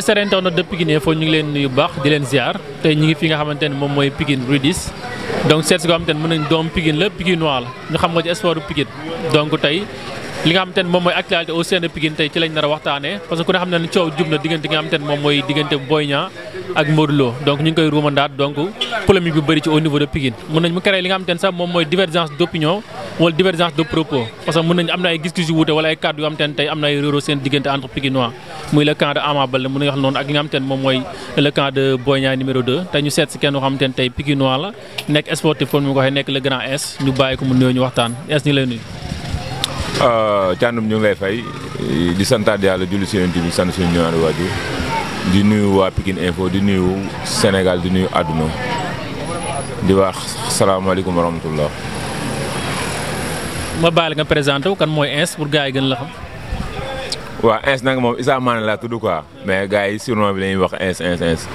très chers internautes de Pikine Info ñu ngi leen nuyu baax di leen ziar tey ñu ngi fi nga xamante ne moom mooy Pikine Rudis donc seet si ko xamante mën nañ doom Pikine la Pikinois la ñu xam nga ci espoiru Pikine donc tey li nga xamante ne moom mooy actualité au sein de Pikine tey ci lañ nar a waxtaanee parce que ku ne xam ne ne coow jub na diggante nga xamante ne moom mooy diggante Boy Niang ak Modou Lo donc ñu ngi koy ruumandaat donc polémique bi bëri ci au niveau de Pikine mun nañ mu créé li nga xamante ne sax moom mooy divergence d'opinion wala divergence de propos parce mun nañ am na ay gis-gis yu wuute wala ay cadre yoo xamante ne tey am na ay réeroo seen diggante entre Pikinois càndum euh, ñu ngi lay fay di santaat yàlla julli si yonent bi sant suñu ñaari di nuyu waa Pikine Info di nuyu Sénégal di nuyu àdduna di wax salaamaaleykum wa rahmatullah ma nga kan moy ins pour gars gën la xam waa ins nag moom Issa Mané laa tudd quoi mais gars yi surnom bi lañuy wax ins ins ins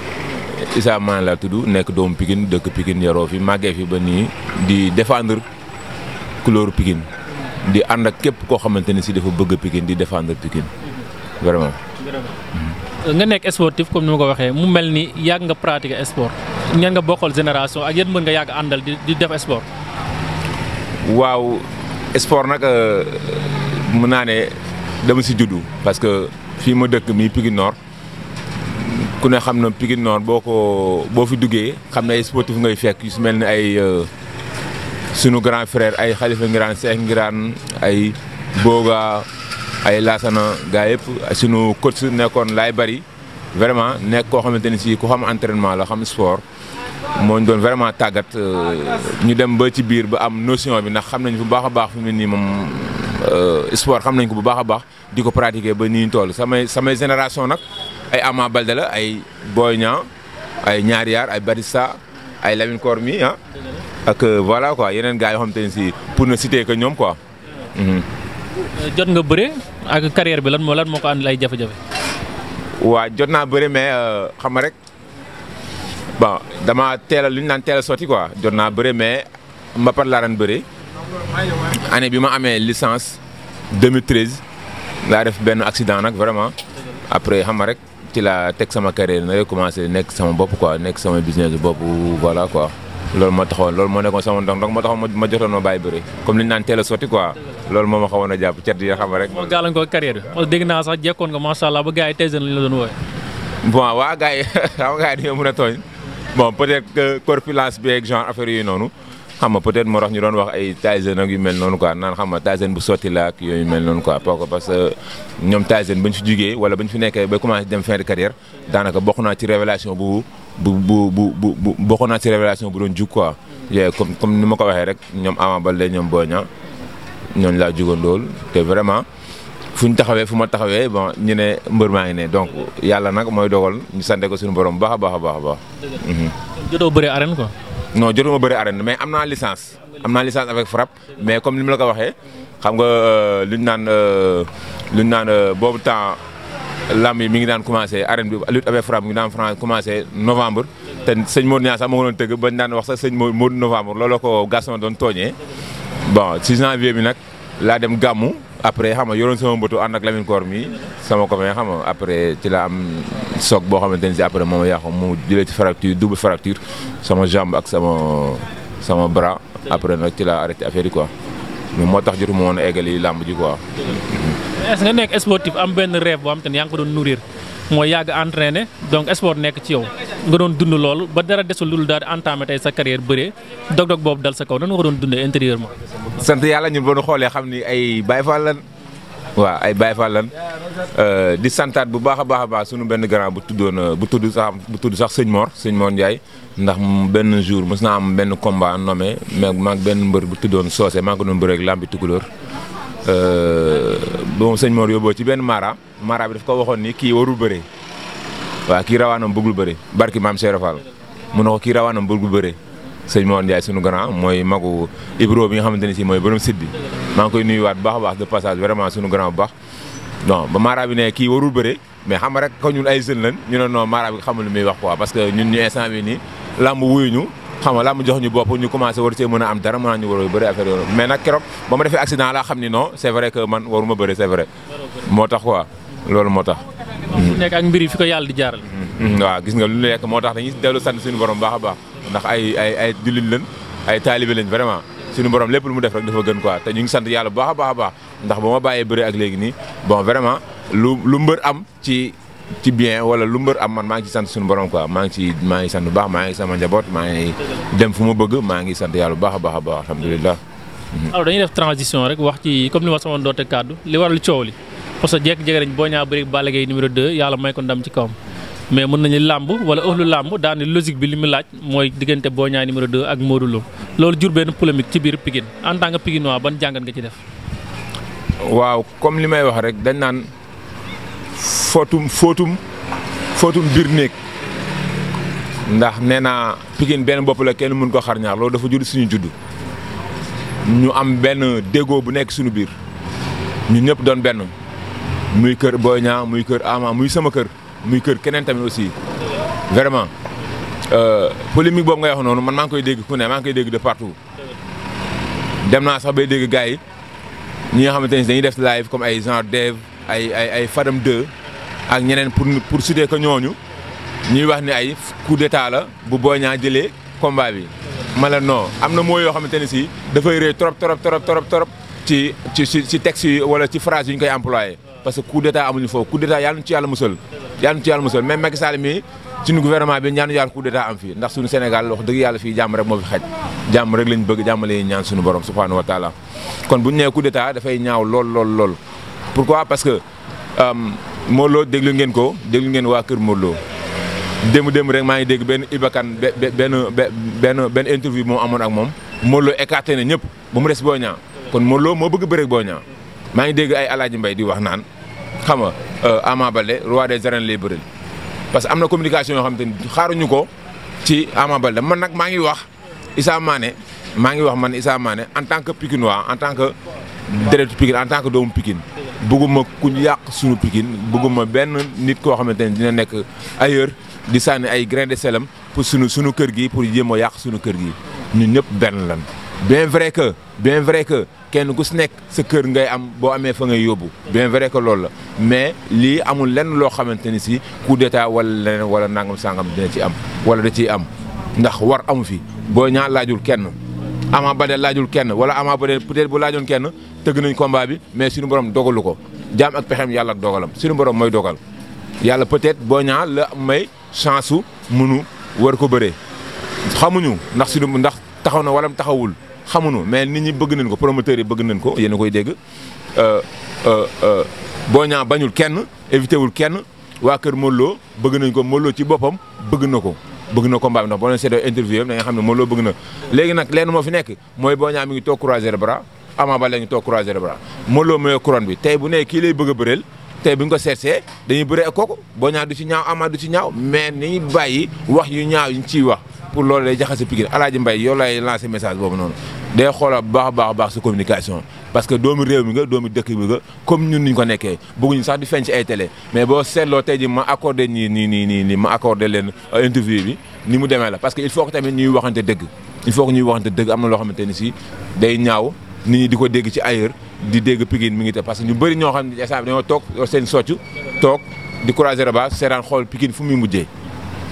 Issa laa tudd nekk doomu Pikine dëkk Pikine yaroo fi magge fi ba nii di défendre couleur piking di ànd ak képp koo xamante ne si dafa bëgg Pikine di défendre Pikine vraiment. nga nekk sportif comme ni ma ko waxee mu mel ni yàgg nga pratiquer sport ñan nga bokkal génération ak yéen mën nga yàgg àndal di di def sport. waaw sport nag euh, mën naa ne dama si juddu parce que fii ma dëkk mii Pikine Nord ku ne xam na Pikine Nord boo ko boo fi duggee xam ne ay sportif ngay fekk yu si mel ni ay. Euh, sunu grand frère ay Khalifa Ngiraan Cheikh Ngiraan ay Boga ay Laasana gaa yëpp sunu coach nekkoon laay bari vraiment nekk koo xamante ni si ko xam entraînement la xam sport moo ñu doon vraiment tàggat euh, ñu dem ba ci biir ba am notion bi ndax xam nañ bu baax a baax fi mu nii moom euh, sport xam nañ ko bu baax a baax di ko pratiquer ba nii tool toll samay samay génération nag ay Ama Baldé la ay Boy ay Ñaari Yaar ay Batista ay Lamine cormi hein? Ah. ak euh, voilà quoi yenen gars yoo xamante si pour ne citer que ñom quoi. Mhm. jot nga bëre ak carrière bi lan mo lan moko and lay jafe-jafe. wa jot na bëre mais euh, xam rek bon dama téla a lu ñu naan teel a quoi jot na bëre mais mbapat laa daan bëre année bi ma licence 2013 la def ben accident nak vraiment après xam rek. ci laa teg sama carrière na commencé nekk sama bopp quoi nekk sama business bi bopp voilà loolu moo taxoon loolu moo nekkoon sama ndong moo taxoon ma jotoon ma bàyyi bëri comme li naan teel a sotti quoi loolu moo ma xawoon a jàpp cet yi rek moo gàllankoor carrière bi naa sax jekkoon nga macha ba gars yi Tyson lañ la wooye bon waa gars yi xam nga gars yi a tooñ bon peut-être que bi ak genre affaire yooyu noonu xam nga peut-être moo tax ñu doon wax ay Tyson ak yu mel noonu quoi naan xam nga Tyson bu sotti la ak yooyu mel noonu quoi pourquoi parce que ñoom Tyson bañ fi jugee wala bañ fi nekkee ba commencé dem fin de carrière daanaka bokk naa ci révélation bu bu bu bu bu bokk naa ci révélation bu doon jug quoi. yooyu comme comme ni ma ko waxee rek ñoom Ama Baldé ñoom Boy Niang ñooñu laa jugoon lool te vraiment. fu ñu taxawee fu ma taxawee bon ñu ne mbër maa ngi ne donc yàlla nag mooy dogal ñu sante ko suñu borom baax a baax a baax a baax. Mhm. jotoo bëree arène quoi. non jotuma bëri arène mais am naa licence am naa licence avec frappe mais comme ni mu la ko waxee xam nga euh, lu ñu naan euh, lu ñu naan euh, boobu temps lamb yi mi ngi daan commencé arène bi lutte avec frappe mi ngi daan France commencé novembre te sëñ Modou Niass sax moo doon tëgg bañ daan wax sax sëñ Modou novembre loolo ko Gaston doon tooñee bon si janvier bi nag laa dem gàmmu après xam nga yoroon sama mbëtu ànd ak Lamine Koor mi sama copain xam nga après ci la am soog boo xamante ni si après moom yàqu mu jëlee ci fracture double fracture sama jambe ak sama sama bras après nag ci la arrêté affaire yi quoi mais moo tax jotuma woon a eggali làmb ji quoi. est-ce que nga nekk sportif am benn rêve boo xam te ne yaa ngi ko doon nourrir. moo yàgg ne donc sport nekk ci yow nga doon dund loolu ba dara desul loolu daal di entamé tey sa carrière bëree dog-dog boobu dal sa kaw nan nga ko doon dundee intérieurement. sant yàlla ñu boo ñu xoolee xam ni ay Baye Fall lan ay Baye Fall lan euh, di santaat bu baax a baax a baax sunu benn grand bu tuddoon euh, bu tudd sax bu tudd sax sëñ moor sëñ Mor Ndiaye ndax benn jour mos naa am benn combat nommé mais benn mbër bu tuddoon Socé maa ngi doon bëree ak làmbi tukulóor Euh, bon sëñ Mor yóbboo ci benn mara mara bi daf ko waxoon ni kii warul bëre waaw kii rawaanam bëggul bëre barki maam Cheikh Fall mu ne ko kii rawaanam bëggul bëre sëñ Mor Ndiaye sunu grand mooy magu Ibro bi nga xamante ne si mooy borom site bi maa ngi koy nuyuwaat bu baax a baax de passage vraiment sunu grand bu baax non ba mara bi ne kii warul bëre mais xam rek ko ñun ay jeunes lañ ñu ne non mara bi xamul lu muy wax quoi parce que ñun ñu instant bi nii làmb wuyuñu xam nga la mu jox ñu bopp ñu commencé war cee mën a am dara mën naa ñu war a bëri affaire yooyu mais keroog ba ma defee accident laa ni non c'est vrai man waruma bëri c'est moo tax quoi loolu moo tax di jaaral mm-hmm. waaw gis nga lu nekk moo tax dañuy dellu sant suñu borom baax a baax ndax ay ay ay jullit lañ ay taalibe lañ vraiment suñu borom lépp lu mu def rek dafa gën quoi te ñu ngi sant yàlla bu baax a baax ndax ba ma bàyyee bëri ak léegi nii bon vraiment lu mbër am ci ci bien wala lu mbeur am ah, man ma ngi ci sant suñu borom quoi ma ngi ci ma ngi sante bu baax ma ngi sama njabot ma ngi dem fu ma bëgg ma ngi sante yalla bu baax baax baax alhamdullilah mhm. alors dañuy def transition rek wax ci comme ni ma sama doonte cadeau li waral ciow li parce que jek jek nañ boña bari balagay numéro 2 yalla may ko ndam ci kawam mais mën nañu lamb wala ohlu lamb daani logique bi limi laaj moy diggante boña numéro 2 ak modou lo loolu jur ben polémique ci bir pigine en tant que piginois ban jàngat nga ci def waaw comme limay wax rek dañ nan footum fóotum footum biir néeg ndax nee naa Pikine benn bopp la kenn mun ko xar ñaar loolu dafa judd suñu judd ñu am benn déggoo bu nekk suñu biir ñu ñëpp doon benn muy kër Boy ñaa muy kër Ama muy sama kër muy kër keneen tamit aussi vraiment euh, polémique boobu ngay wax noonu man maa ngi koy dégg ku ne maa koy dégg de partout dem naa sax bay dégg gars yi ñi nga xamante ne dañuy def live comme ay genre Dave ay ay ay Fadam 2 ak ñeneen pour pour citer ñooñu ñuy wax ni ay coup d'état la bu Boy Niang jëlee combat bi. ma la no am na moo yoo xamante ne si dafay rëy trop trop trop trop trop ci ci ci texte yi wala ci phrase yi ñu koy employé. parce que coup d'état amuñu foofu coup d'état yàlla nu ci yàlla musal. yàlla nu ci yàlla musal même Macky mii suñu gouvernement bi ñaanu yàlla coup d'état am fii ndax suñu Sénégal wax dëgg yàlla fii jàmm rek moo fi xaj jàmm rek lañ bëgg jàmm lañuy ñaan borom subhanahu wa kon bu ñu nee coup d'état ñaaw lool lool lool Modou Lo déglu ngeen ko déglu waa kër Modou Lo démb démb rek maa ngi dégg benn Ibakan benn benn benn interview moom amoon ak moom Modou Lo na ñëpp ba mu des boo Niang kon Modou moo bëgg bëre ak ñaa maa ngi dégg ay Alaaji Mbay di wax naan xam nga euh, Ama Baldé roi des arènes lay bëri parce que am na communication yoo xam te ni xaaruñu ko ci Ama Baldé man nag maa ngi wax Issa maane maa ngi wax man Issa Mané en tant que Pikinois en tant que déretu Pikine en tant que doomu Pikine bëgguma ku yàq suñu pikin bëgguma benn nit koo xamante ne dina nekk ailleurs di sànni ay grain de selam pour suñu suñu kër gi pour jéem a yàq suñu kër gi ñun ñëpp benn lan bien vrai que bien vrai que kenn ku si nekk sa kër ngay am boo amee fa ngay yóbbu bien vrai que loolu la mais lii amul lenn loo xamante ni si coup d'état wala leneen wala nangam sangam dina ci am wala da ciy am ndax war amu fi boo ñaa laajul kenn Ama Baldé laajul kenn wala amaa Baldé peut-être bu laajoon kenn tëgg nañ combat bi mais suñu borom dogalu ko jaam ak pexem yàlla ak dogalam suñu borom mooy dogal yàlla peut-être Boy Niang la may chance su munu war ko bëree xamuñu ndax sunu ndax taxaw na wala taxawul xamuñu mais nit ñi bëgg nañ ko promoteurs yi bëgg nañ ko yéen koy dégg euh, euh, euh, Boy Niang bañul kenn évité wul kenn waa kër Modou bëgg nañ ko Modou ci boppam bëgg na ko bëgg na combat bi ndax boo leen seetee interview da nga xam ne Modou Lo bëgg na léegi nag lenn moo fi nekk mooy boo Niang mi ngi toog croiser les bras Ama Baldé ngi toog croiser les bras Modou Lo mooy bi tey bu nee kii lay bëgg a bëreel tey bu ñu ko seetsee dañuy bëree ak kooku Boy Niang du ci ñaaw Ama du ci ñaaw mais nañu bàyyi wax yu ñaaw yi ñu ciy wax pour loolu lay jaxase Pikine Alaaji Mbaye yow lay lancé message boobu noonu day xoolal baax baax baax sa communication parce que doomu réew mi nga doomu dëkk bi nga comme ñun niñ ko nekkee bëgguñu sax di feeñ ci ay télé mais boo seetloo tey ji ma accordé ñii nii nii nii nii ma accordé leen euh, interview bi ni mu demee la parce que il faut que tamit ñuy waxante dëgg il faut que ñuy waxante dëgg am na loo xamante ni si day ñaaw nit ñi di ko dégg ci ailleurs di dégg Pikine mi ngi te parce que ñu bëri ñoo xam ne instant bi dañoo toog seen soccu toog di croiser ba seetaan xool Pikine fu muy mujjee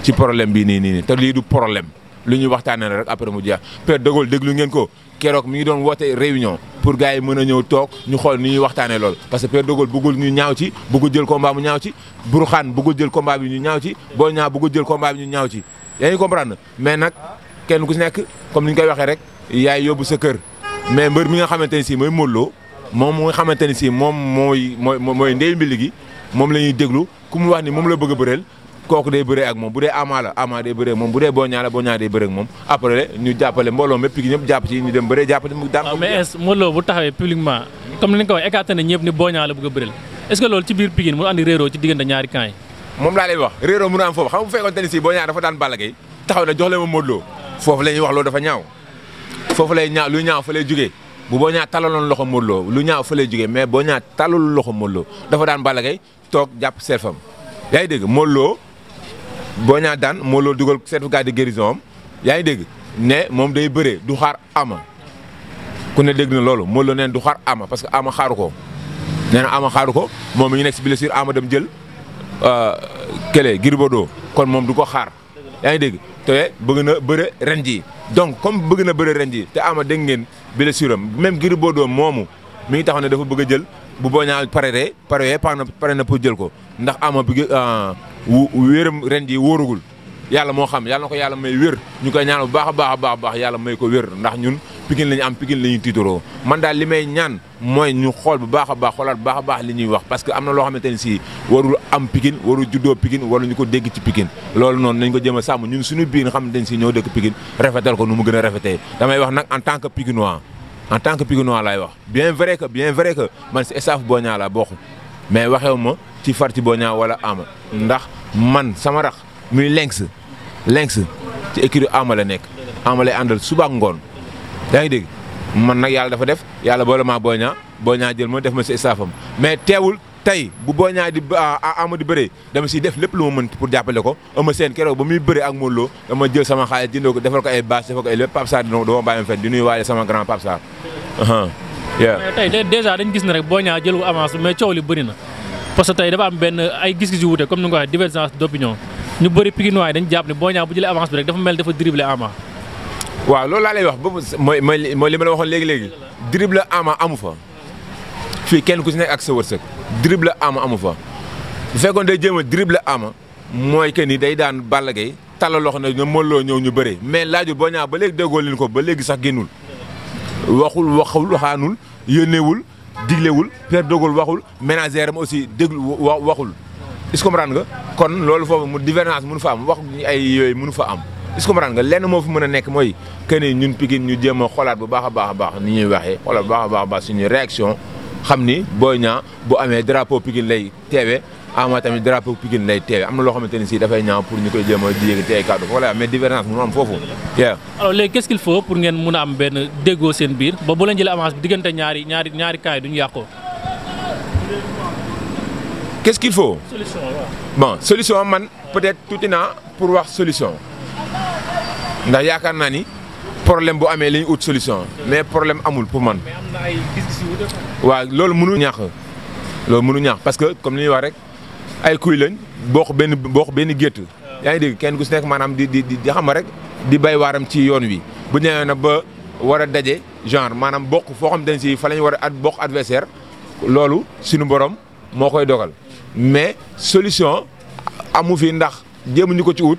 ci problème bi nii nii te lii du problème lu ñuy waxtaanee rek après mu jeex Père de Gaulle déglu ngeen ko keroog mi ngi doon woote réunion pour gars yi mën a ñëw toog ñu xool ni ñuy waxtaanee loolu parce que Père de ñu ñaaw ci bëggul jël combat mu ñaaw ci Bourkhane bëggul jël combat bi ñu ñaaw ci Boy Niang bëggul jël combat bi ñu ñaaw ci yaa ngi comprendre mais nag kenn ku nekk comme ni ñu koy waxee rek yaay yóbbu sa kër mais mbër mi nga xamante ne si mooy Modou Lo moom mu nga xamante ne si moom mooy mooy mooy ndeyu gi moom la ñuy déglu ku mu wax ni moom la bëgg a bëreel kooku day bëree ak moom bu dee Ama la Ama bëree moom bu dee Boña la Boña bëree ak moom après ñu jàppale mbooloo mépp gi ñëpp jàpp ci ñu dem bëree jàppale mu daan bu taxawee publiquement a bëreel est loolu ci biir Pikine mu andi réeroo ci diggante ñaari camp moom laa lay wax réeroo a am foofu xam nga bu fekkoon tennis yi Boña dafa daan Balla taxaw na jox leen ma Modou Lo foofu la wax loolu dafa ñaaw foofu lay ñaaw lu ñaaw fa lay jógee bu boo ñaa loxo Modou Lo Boy Niang daan moo loolu dugal certificat de guérison yaa ngi dégg ne moom day bëree du xaar ama ku ne dégg na loolu moo la neen du xaar ama parce que ama xaaru ko nee na ama xaaru ko moom mi ngi nekk si blessure ama dem jël euh, kële Gris Bordeaux kon moom du ko xaar yaa ngi dégg te bëgg na bëre ren ji donc comme bëgg na bëre ren ji te ama dégg ngeen blessure am même Gris Bordeaux moomu mi ngi taxaw ne dafa bëgg a jël bu Boy Niang pareree paree pare na pour jël ko ndax ama bi euh, wéram ren ji wóoragul yàlla moo xam yàlla na ko yàlla may wér ñu ko ñaan bu baax a baax a baax baax yàlla may ko wér ndax ñun pikin la ñu am pikin la ñuy tiitaroo man daal li may ñaan mooy ñu xool bu baax a baax xoolaat bu baax baax li ñuy wax parce que am na loo xamante ne si warul am pikin warul juddoo pikin warul ñu ko dégg ci pikin loolu noonu nañ ko jëm a sàmm ñun suñu biir nga xamante ne si ñoo dëkk pikin rafetal ko nu mu gën a rafetee damay wax tant que pikinois en tant que pikinois laay wax bien vrai que bien vrai que man si staff Boy Niang laa ci farti Boña wala Ama ndax man sama rax muy Lenx Lenx ci écurie Ama la nek Ama lay andal suba ngon ngoon yaa ngi man nak yalla dafa def yàlla bo ma Boña Boña jël mo def ma ci staffam mais teewul tay bu Boña di Ama di bëree dama ci def lepp lu ma mën pour jàppale ko ama sen kéro ba muy bëree ak Modou Lo dama jël sama xaalis jëndoo ko defal ko ay bass defal ko ay lepp Pape Sarr do dama fen di nuy waaye sama grand Pape Sarr. Uh-huh. mais tey déjà dañ gis na rek Boña jël avance mais coow li bëri na. parce que tey dafa am benn ay gis-gis yu wute comme ni nga ko waxee divergence d'opinion ñu bëri Pikinois yi dañ jàpp ne Boy bu jëlee avance bi rek dafa mel dafa dribblé Ama. waaw loolu laa lay wax ba mooy mooy li ma la waxoon léegi léegi. dribblé Ama amu fa. fii kenn ku ci nekk ak sa wërsëg. dribblé Ama amu fa bu fekkoon day jéem a dribblé Ama mooy que ni day daan Balla Gaye tàllal loxo ne mënuloo ñëw ñu bëri mais laajul Boy Niang ba léegi déggoo leen ko ba léegi sax génnul waxul waxul waxaanul yónneewul. diglewul Père Dogol waxul ménagère am aussi déglu waxul est-ce que comprendre nga kon lolu fofu mu divergence mënu fa am wax ay yoy mënu fa am est-ce que comprendre nga lenn mo fi mëna nek moy mooy que ni ñun pigine ñu jéem a bu baaxa baaxa baax ni ñuy waxee xoolaat bu baaxa baax suñu réaction xamni Boy Niang bu amé drapeau Pikine lay teewee Ama ah, tamit drapeau Pikine lay teewe amna lo loo ci da fay dafay ñaaw pour ñukoy koy jéem a cadeau voilà mais divergence mu am fofu teew alors léegi qu'est-ce qu'il faut pour ngeen mëna am benn dégo seen biir ba bu leen jël avance bi diggante ñaari ñaari ñaari kay duñu yàqoo qu'est-ce qu'il faut solution bon solution man peut-être tuuti naa pour wax solution ndax yaakaar na ni problème bu amé li ñu ut solution mais problème amul pour man wa loolu mënu ñàkk loolu mënu ñàkk parce que comme ni wax rek ay kuy lañ bokk benn bokk benn gétt yaa ngi dégg kenn ku si nekk maanaam di di di xam rek di bay waaram ci yoon wi bu ñëwee na ba war a daje genre maanaam bokk foo xam dañ si fa lañ war a at bokk adversaire loolu suñu borom moo koy dogal mais solution amu fi ndax jéemuñu ko ci ut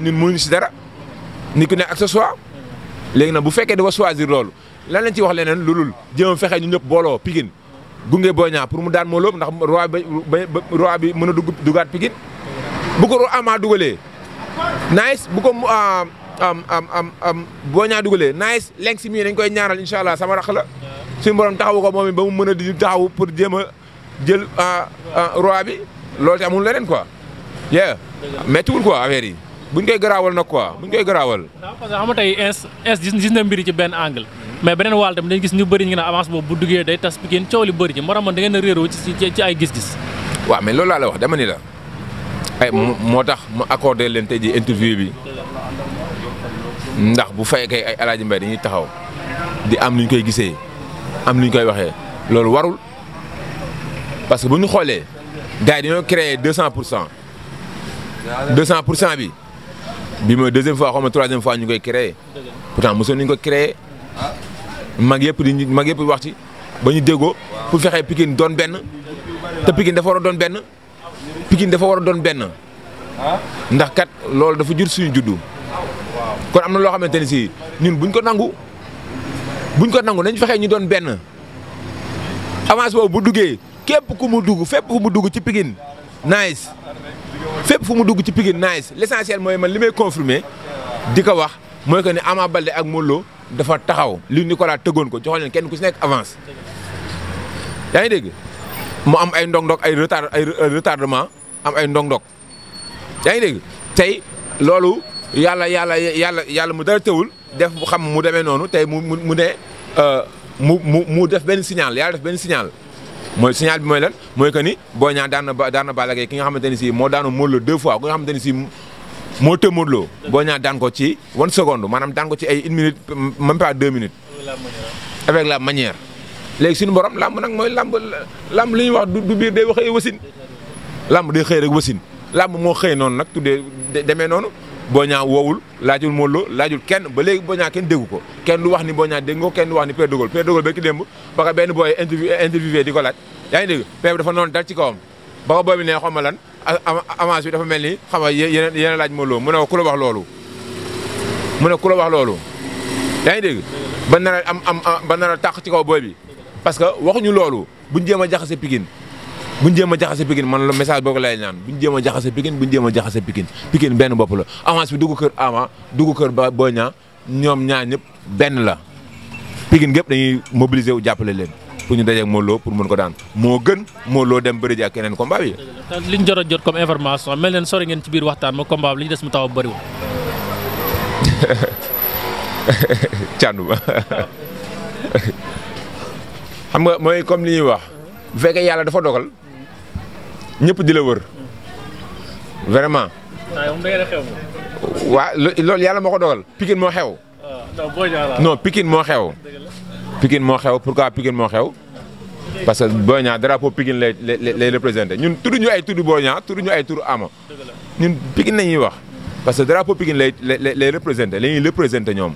ñun mënuñu si dara ni ku ne ak sa choix léegi nag bu fekkee wa choisir loolu la lañ ci wax leneen lu lulul jéem a fexe ñu ñëpp booloo Pikine gunge Boy Niang pour mu daan Modou Lô ndax roi bi roi bi mën a dugg dugaat Pikine bu ko Ama dugalee nice bu ko ah, am am am am Boy Niang dugalee nice lenk si mii dañ koy ñaaral incha allah sama rax la suñu borom taxawu ko moom it ba mu mën a di taxawu pour jéem a jël ah, ah, roi bi loolu te amul leneen ko yeah méttiwul quoi affaire yi buñ koy garaawal nag quoi buñ koy garaawal. waaw parce que xam nga tey ins ins gis mbir mbiri ci benn angle. mais beneen wàll tamit dañu gis ñu bëri ñu ne avance boobu bu duggee day tas Pikine coow li bëri ci moo tax ngeen a réeroo ci ay gis-gis. waaw mais loolu laa la wax dama ni la ay moo tax mu accordé leen tey jii interview bi ndax bu fekkee ay Aladji Mbaye dañuy taxaw di am nu ñu koy gisee am lu ñu koy waxee loolu warul parce que bu ñu xoolee gars yi dañoo créé deux cent pour cent deux cent pour cent bi. bii mooy deuxième fois xaw ma troisième fois ñu koy créé. pourtant mosoon ñu ko créé. mag yëpp di mag yëpp wax ci ba ñu déggoo. pour fexe Pikine doon benn. te pikin dafa war a doon benn. pikin dafa war a doon benn. ndax kat loolu dafa jur suñu juddu. kon am na loo xamante ni si ñun buñ ko nangu. buñ ko nangu nañ fexee ñu doon benn. avance boobu bu duggee képp ku mu dugg fépp ku mu dugg ci Pikine nice fépp fu mu dugg ci Pikine nice l' mooy man li may confirmer di ko wax mooy que ne Ama Baldé ak Modou Lo dafa taxaw li Nicolas tëggoon ko joxoon kenn ku si nekk avance yaa ngi dégg mu am ay ndog-ndog ay retard ay am ay ndog-ndog yaa ngi dégg tey loolu yàlla yàlla yàlla yàlla mu dara tewul def xam mu demee noonu tey mu mu mu ne euh, mu mu mu def benn signal yàlla def benn signal. mooy signal bi mooy lan mooy que ni Boy Niang daan na ba daan na Balla Gaye ki nga xamante ni si moo daanu Modou Lo deux fois ki nga xamante ni si moo të Modou Lo Boy Niang daan ci one seconde maanaam daan ko ci ay une minute même pas deux minutes. avec la manière. léegi suñu borom làmb nag mooy lamb làmb li ñuy wax du biir day waxee wasin lamb day xëy rek wasin làmb moo xëy noonu nag tuddee demee noonu Boy Niang woowul laajul Modou Lo laajul kenn ba léegi Boy Niang kenn déggu ko kenn du wax ni Boy Niang dégg nga kenn du wax ni Père Dogol Père Dogol ba ki démb ba ko benn booy interview interviewé di ko laaj yaa ngi dégg Père bi dafa noonu dal ci kawam ba ko booy bi ne xam ma lan avance dafa mel ni xam nga yeneen yeneen laaj Modou Lo mu ne ko ku la wax loolu mu ne ku la wax loolu yaa ngi dégg ba nar a am am ba nar tàq ci kaw booy bi parce que waxuñu loolu buñ jéem a jaxase Pikine buñ jéem a Pikine man lo message boko lay ñaan buñ jéem a Pikine buñ jéem a Pikine Pikine benn bop la avance bi duggu kër Ama duggu kër ba Boy Niang ñoom ñaar ñëpp benn la Pikine gépp dañuy mobiliser wu jappalé leen pour ñu dajé ak molo pour mëne ko daan mo gën Modou Lo dem bëri ji ak keneen combat bi. liñ jorot jot comme information mel leen sori ngeen ci biir waxtaan mo combat bi li mu taw bari wu Thiandoum xam nga moy comme liñ wax bu yalla dafa dogal. ñëpp di la wër vraiment. waaw loolu yàlla moo ko dogal Pikine moo xew. Ah, non Pikine moo xew. Pikine moo xew pourquoi Pikine moo xew. parce que boo Niang drapeau Pikine lay lay lay représenté ñun tudd ñu ay tudd Boy Niang tudd ñu ay tudd Ama. ñun Pikine la ñuy wax. parce que drapeau Pikine lay lay lay représenté la ñuy représenté ñoom.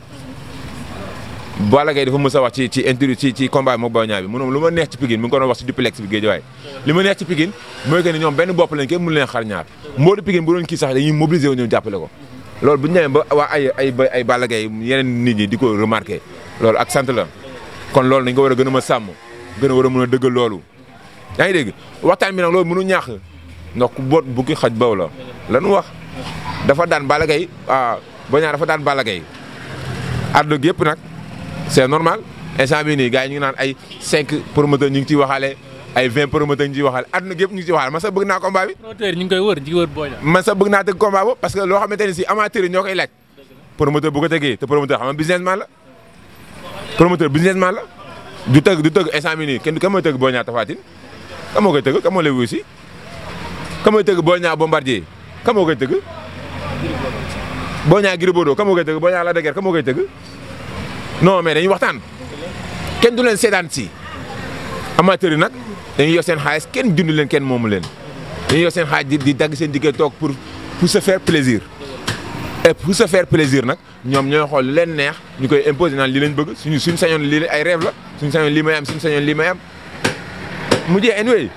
Balla Gaye dafa mës a wax ci ci interview ci ci combat moom Boy Niang bi mu ne lu ma neex ci Pikine mu ngi ko doon wax ci duplex bi Guédiawaye li ma neex ci Pikine mooy que ñoom benn bopp kenn mënu leen xar ñaar mboodu Pikine bu doon kii dañuy mobiliser wu ñëw ko loolu bu ñu ba waa ay ay yeneen nit ñi di ko remarqué loolu ak sant la kon loolu dañ ko war a gën a mën a gën a war a mën a dëggal loolu yaa ngi dégg waxtaan bi nag loolu mënu ñaax ndax ku boot bukki xaj baw la lanu wax dafa daan Balla Gaye ah Boy Niang dafa daan Balla Gaye àdduna gi yëpp nag c'est normal instant bii nii gars ngi naan ay 5 promoteurs ñu ngi ciy waxaale ay 20 promoteurs ñu ngi ciy waxaale adduna gépp ñu ngi ciy waxaale man sax bëgg naa combat bi. promoteur ñu ngi koy wër ñu ngi wër booy la. man sax bëgg naa tëgg combat boobu parce que loo xamante ne si amateur yi ñoo koy promoteur bu ko tëggee promoteur xam businessman la. promoteur businessman la du tëgg du tëgg instant bii nii kenn kan mooy tëgg Boy Niang Tapha Tine kan moo koy tëgg kan moo lay wuyu si kan mooy tëgg Boy Niang Bombardier kan moo koy tëgg Boy Niang Gris Bordeaux kan moo koy tëgg Boy koy tëgg non mais dañuy waxtaan kenn du leen seetaan si amateur yi nag dañu yor seen xaalis kenn dund leen kenn moomu leen dañu yor seen xaalis di dagg seen diggante toog pour pour se faire plaisir. et pour se faire plaisir nag ñoom ñooy xool leen neex ñu koy imposer naan li leen bëgg suñu suñu sañoon lii ay rêve la suñu sañoon lii may am suñu sañoon lii may am mu jee anyway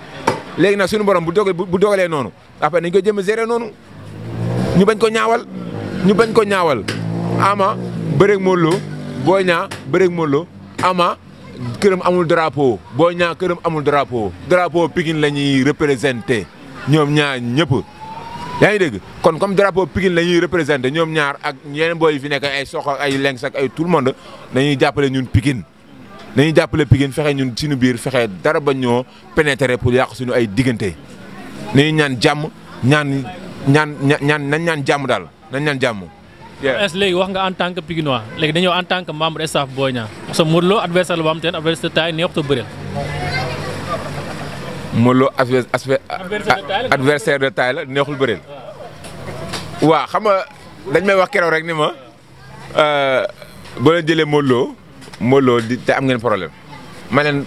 léegi nag suñu borom bu dogalee bu dogalee noonu après nañ ko jëm a gérer noonu ñu bañ ko ñaawal ñu bañ ko ñaawal ama bëreeg Modou Lo Boy Niang bëreeg Modou Lo Ama këram amul drapeau Boy Niang këram amul drapeau drapeau pikin la ñuy représenté ñoom ñaar ñëpp. yaa ngi dégg kon comme drapeau pikin la ñuy représenté ñoom ñaar ak yeneen boy yi fi nekk ay sox ay lengs ak ay tout le monde dañuy jàppale ñun pikin nañu jàppale Pikine fexe ñun suñu biir fexe dara ba ñoo pénétrer pour yàq suñu ay diggante nañu ñaan jàmm ñaan ñaan ñaan nañ ñaan jàmm daal nañ ñaan jàmm. est léegi wax nga en tant que Pikinois léegi dañoo en tant que membre staff Boy Niang parce que Modou Lo adversaire la boo xam te ne adversaire taille neexut a bëreel. Modou de taille la neexul bëreel. waaw xam nga dañ may wax keroog rek ni ma euh, boo leen jëlee Modou Lo Modou Lo di te am ngeen problème ma leen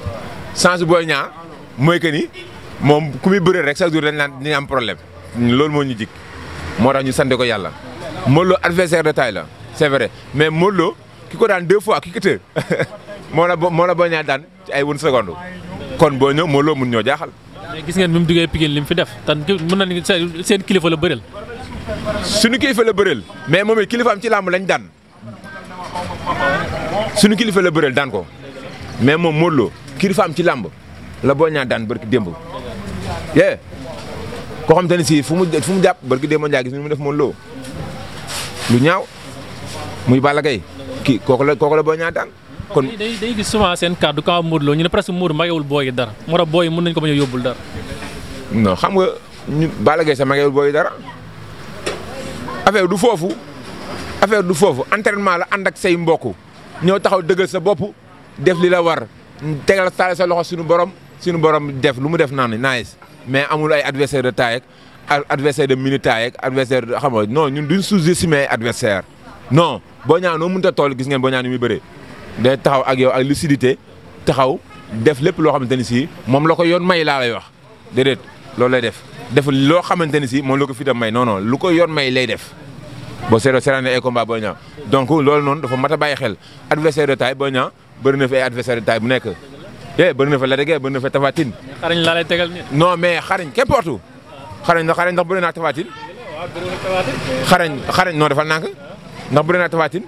chance Boy Niang mooy que ni moom ku muy bëreel rek chaque jour dañ naan dañu am problème loolu moo ñu jik moo tax ñu sant ko yàlla. Modou Lo adversaire de taille la c'est vrai mais Modou ki ko daan deux fois ki kite moo la moo la bañ a daan ci ay wun seconde kon boo ñëw Modou mun ñoo jaaxal. mais gis ngeen bi mu duggee Pikine li mu fi def tan mën na ni seen kilifa la bëreel. suñu kilifa la bëreel mais moom it kilifaam ci làmb lañ daan suñu kilifa la bëreel daan ko mais moom Modou Lo kilifaam ci làmb la boo ñaa daan barki démb. yee koo xam te ne si fu mu fu mu jàpp barki démb njaa gis ni mu def Modou Lo. lu ñaaw muy Balla Gaye kii kooku la kooku boo ñaa kon day day gis souvent seen kàddu kaw Modou Lo ñu ne presque Modou magewul booy dara moo tax booy yi mën nañu ko bañ a yóbbul dara. non xam nga ñu Balla sa magewul booy yi dara affaire du foofu affaire du foofu entraînement la ànd ak say mbokk ñoo taxaw dëggal sa bopp def li la war tegal sa loxo suñu borom suñu borom def lu mu def naan nice mais amul ay adversaire de taille adversaire de Minita adversaire de xam non ñun duñ sous-estimer adversaire non boo ñaan noo toll gis ngeen boo ñaan ni muy bëree day taxaw ak yow ak lucidité taxaw def lepp lo xamanteni si mom la ko yoon may la lay wax dedet loolu lay def def lo xamanteni si mom la ko fi may non non lu ko yoon may lay def bo seetloo seetaan ay combat boo donc loolu non dafa mata baye xel adversaire de taille boo ñaan bëri na fi adversaire de taille bu nekk. eh bëri na fa la de Guiers bëri na fa tafatine Tine. xarañ laa lay tegal non mais xarañ képp xarañ na xarañ ndax bëri naa tafatin xarañ xarañ non dafa nank ndax bëri naa tafatin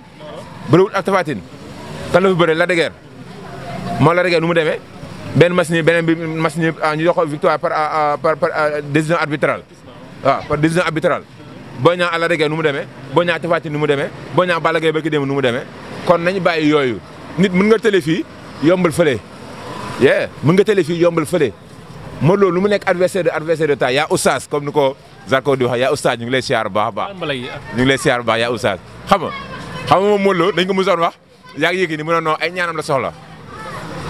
bëriwul ak tafatin kan la fi bëri la degeer moo la degeer nu mu demee benn machine beneen bi machine ah, ñu jox victoire par ah, ah, par par décision arbitrale waaw par décision arbitrale boo ñaa ala degeer nu mu demee boo ñaa tafatin nu mu demee boo ñaa bàllagay ba ki dem nu mu demee kon nañ bàyyi yooyu nit mën nga télé fii yombal fële yee mën nga télé fii yombal fële Modou Lo lu mu nekk adversaire de adversaire de taille yaa oustaz comme ni ko Zarko di wax yaa oustaz ñu ngi lay baax a baax ñu ngi lay siyaar bu baax yaa oustaz xam nga xam nga moom Modou wax yaa ngi Yékini mën a noo ay ñaanam la soxla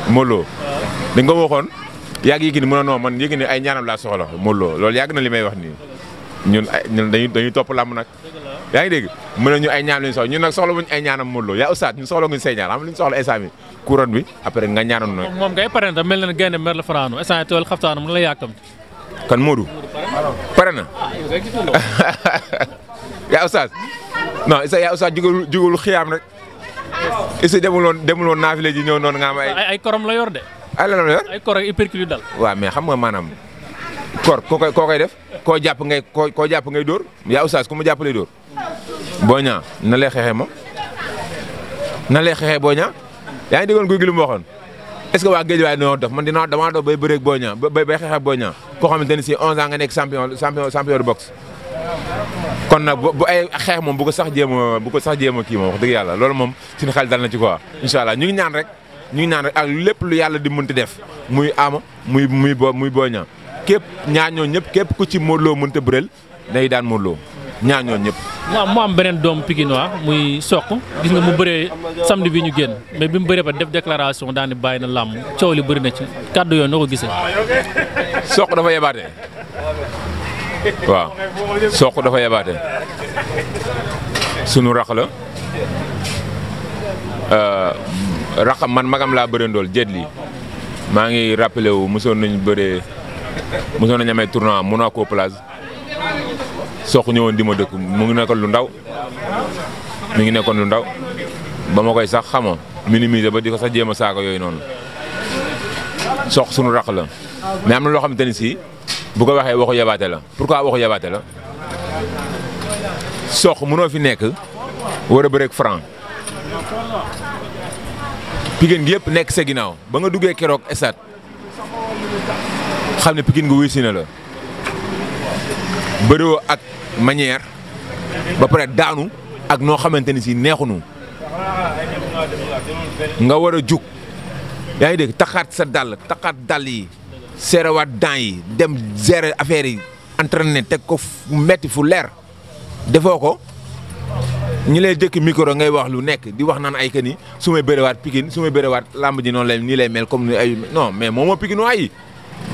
Modou Lo ah. dañ ko waxoon yaa ngi Yékini mën a non man Yékini ay ñaanam laa soxla Modou Lo loolu yàgg na li may wax nii ñun ay ñun dañuy dañuy topp nag yaa ngi dégg mën na ñu ay ñaan lu ñu soxla nag soxla wuñu ay ñaanam Modou Lo yaa oustaz ñun soxla nguñu say ñaan xam nga li ñu soxla instant bi kuran bi après nga ñaanal na mom ngay paré da mel na gënë mer la farano to tol xaftaan mu la yakam kan modou paré na ya oustad non isa ya oustad jugul jugul xiyam rek demul won demul won nafilé ji ñew non nga am ay ay korom la yor dé ay la yor ay kor ak hypercule dal wa mais xam nga manam kor ko koy ko koy def ko japp ngay ko japp ngay dor ya oustad ku mu japp lay dor boña na lay xexé mo na lay xexé boña yaa ngi déggoon guy gi lu mu waxoon est ce que waa géej waaye dañoo dof man dinaa damaa dof bay bëreeg Boy bay bay xeex ak Boy Niang ne si 11 ans nga nekk champion champion champion de kon nag bu ay xeex moom bu ko sax jéem moo bu ko sax jéem a kii moom wax dëgg yàlla loolu moom suñu xel na ci quoi incha allah ñu ngi ñaan rek ñu ngi ñaan rek ak lépp lu yàlla di mënti def muy ama muy muy bo muy Boy Niang képp ñaar ñoo ñëpp képp ku ci Modou Lo mënta bëreel day daan Modou Lo ñaar ñooñu ñëpp. mu am mu am beneen doomu Pikinois ah, muy soq gis nga mu bëree samedi bi ñu génn mais bi mu bëree ba def déclaration daan ni bàyyi na làmm coow li bëri na ci kàddu yooyu noo ko gisee. soq dafa yebaate waaw soq dafa yebaate sunu rax la euh, raxam man magam laa dool jët lii maa ngi rappelé wu mosoon nañu bëree mosoon nañu amee tournoi Monaco Plage. soq ñëwoon di ma dëkk mu ngi nekkoon lu ndaw ngi nekkoon lu ndaw ba ma koy sax xama minimiser ba di ko sax saako yooyu noonu soq suñu raq la mais am na loo xam ni si bu ko waxee waxu yabaate la pourquoi waxu yabaate la soq mënoo fi nekk war a bëreeg franc Pikine gi yëpp nekk sa ginnaaw ba nga duggee keroog esat xam ne Pikine gu wuy si la bëriwoo ak manière ba pare daanu ak noo xamante ni si neexunu nga war a jug yaa ngi dégg taxaat sa dàll taxaat dàll yi seerewaat dents yi dem gérer affaire yi entraîné teg ko metti fu leer defoo ko ñi lay dëkk micro ngay wax lu nekk di wax naan ay que ni su may bëriwaat Pikine su may bëriwaat làmb ji noonu lay nii lay mel comme no ay non mais moomoo Pikinois yi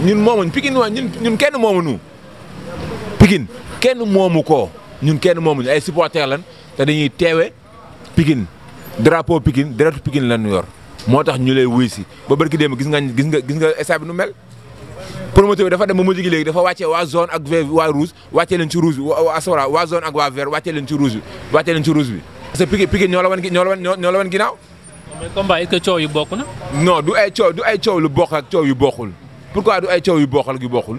ñun moomuñ Pikinois ñun ñun kenn moomuñu pikin kenn moomu ko ñun kenn moomuñu ay a lan te dañuy teewe Pikine drapeau Pikine deretu Pikine lan yor moo tax ñu lay wuy si ba barki démb gis nga gis nga gis nga état bi nu mel promoteur bi dafa dem ba mujj gi léegi dafa wàccee waa zone ak waa rouge wàccee leen ci rouge waa sora waa zone ak wàccee leen ci rouge bi wàccee leen bi parce que Pikine Pikine ñoo la wan ñoo la wan ñoo bokk na non du ay coow du ay coow lu bokk ak coow yu bokkul pourquoi du ay coow yu bokk ak yu bokkul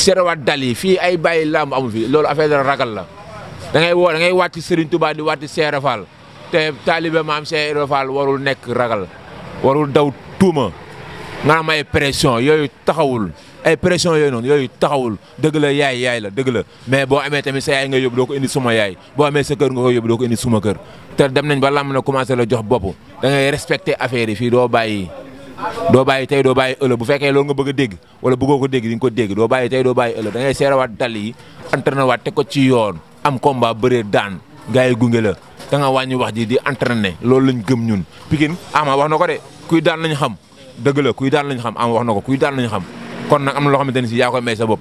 serewaat dali fi ay baye làmb amul fi lolou affaire la ragal la da ngay wo da ngay wàcc Serigne Touba di wàcc Cheikh Rafal te talibé maam Cheikh Rafal warul nek ragal warul daw touma nga am ay pression yooyu taxawul ay pression yooyu non yooyu taxawul deug la yaay yaay la deug la mais bo amé tamit sa yaay nga yob doko indi suma yaay bo amé sa keur nga ko yóbbu doo indi suma keur te dem nañ ba làmb na commencé la jox bop da ngay respecter affaire yi fi do bàyyi. doo bàyyi tey doo bàyyi ëllëg bu fekkee loolu nga bëgg a dégg wala bëggoo ko dégg di nga ko dégg doo bàyyi tey doo bàyyi ëllëg da ngay seerawaat dal yi entraîné waat teg ko ci yoon am combat bëree daan gars yi gunge la da nga wàññi wax ji di entraîné loolu lañ gëm ñun Pikine ama wax na ko de kuy daan lañ xam dëgg la kuy daan lañ xam ama wax na ko kuy daan lañ xam kon nag am na loo xamante ne si yaa koy may sa bopp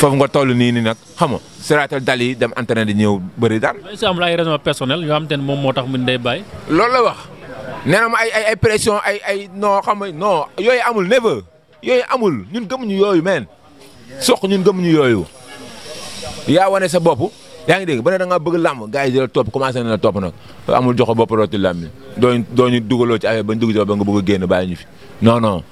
foofu nga toll nii nii nag xam nga siraatal dal yi dem entraîné di ñëw bëri daan. mais si am ay raisons personnelles yoo moom moo tax mu day nee na ma ay ay ay pression ay ay non xam nga non yooyu amul never yooyu amul ñun gëmuñu yooyu meen soq ñun gëmuñu yooyu yaa wane sa bopp yaa ngi dégg ba ne da ngaa bëgg làmb gars yi di la topp commencé na la topp nag amul joxo bopp rooti làmb dooñu dooñu dugaloo ci affaire bañ dugg ci ba génn bàyyi ñu fi non non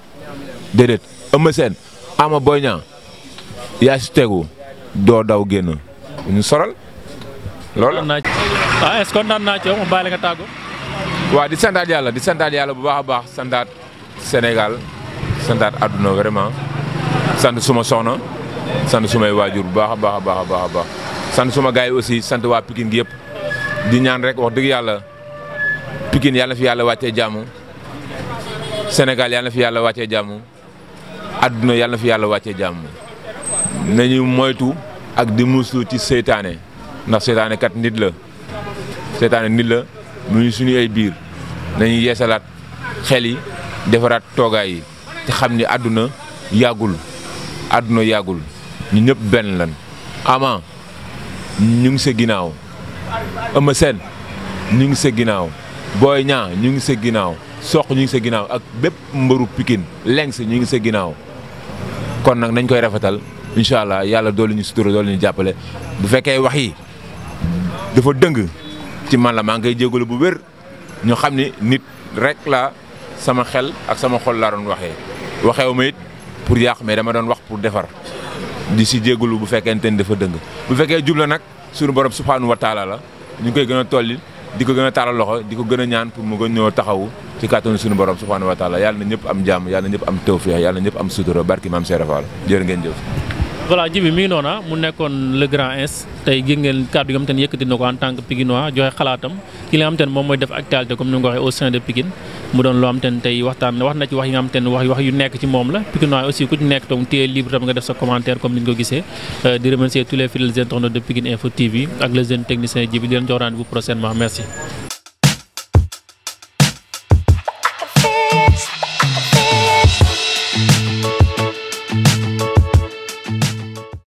déedéet Eumeu Sène Ama Boy yaa si tegu doo daw génn ñu soral loolu. Ah, est-ce que kontaan naa ci yow mu baale nga tàggoo wa di santaat yalla di santaat yalla bu baax baax santat senegal santat aduna vraiment sant suma soxna sant sumay wajur bu baax a baax a baax baax baax sant suma gars aussi sant wa Pikine yep di ñaan rek wax deug yalla Pikine yalla fi yalla wate jamu, Senegal yalla fi yalla wacce jamu, aduna yalla fi yalla wacce jamu, nañu moytu ak di muslu ci setané ndax setané kat nit la setané nit la mu ngi suñu ay biir dañuy yeesalaat xel yi defaraat toogaay yi te xam ni àdduna yàggul àdduna yàggul ñu ñëpp benn lan ama ñu ngi sa ginnaaw Eumeu seen ñu ngi sa ginnaaw booy Niang ñu ngi sa ginnaaw Sokh ñu ngi sa ginnaaw ak bépp mbëru Pikine Lengs ñu ngi sa ginnaaw kon nag nañ koy rafetal incha allah yàlla doolu ñu sutura doolu ñu jàppale bu fekkee wax yi dafa dëng ci man la ma ngay koy bu wér ñu xam ni nit rek la sama xel ak sama xol wahai doon waxee puri ma it pour yàq mais dama doon wax pour defar di si jégalu bu fekkente ni dafa dëng bu fekkee jub nag suñu borom subhanahu wa taala la ñu koy gën a tolli di ko gën a taalal loxo di ko ñaan pour mu gën ñoo taxawu ci suñu borom subhanahu wa taala yàlla na ñëpp am jàmm yàlla na ñëpp am tawfiix yàlla na ñëpp am sutura barki maam Serafal jërë ngeen jëf voilà jibi mi ngi noonu ah. mu nekkoon le grand ins tey gis ngeen kàddu yi nga xam ko en tant Pikinois joxe xalaatam ki li nga xam te moom mooy def actualité comme ni nga ko waxee wax yi nga xam te ne wax wax yu nekk ci moom la Pikinois aussi ku nekk donc téye libre tam nga def sa commentaire comme ni ñu ko gisee euh, di remercier tous les fidèles internautes de Pikine Info TV ak les jeunes techniciens jibi leen jox rendez-vous prochainement merci